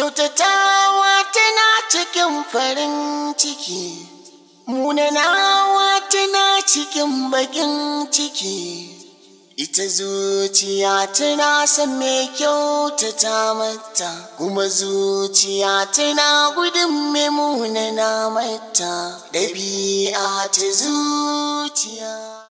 Kyautatawa tana cikin farin ciki, munanawa tana cikin bakin ciki. Ita zuciya tana san me kyautata mata, kuma zuciya tana gudun mai munana mata, ɗabi'a ta zuciya.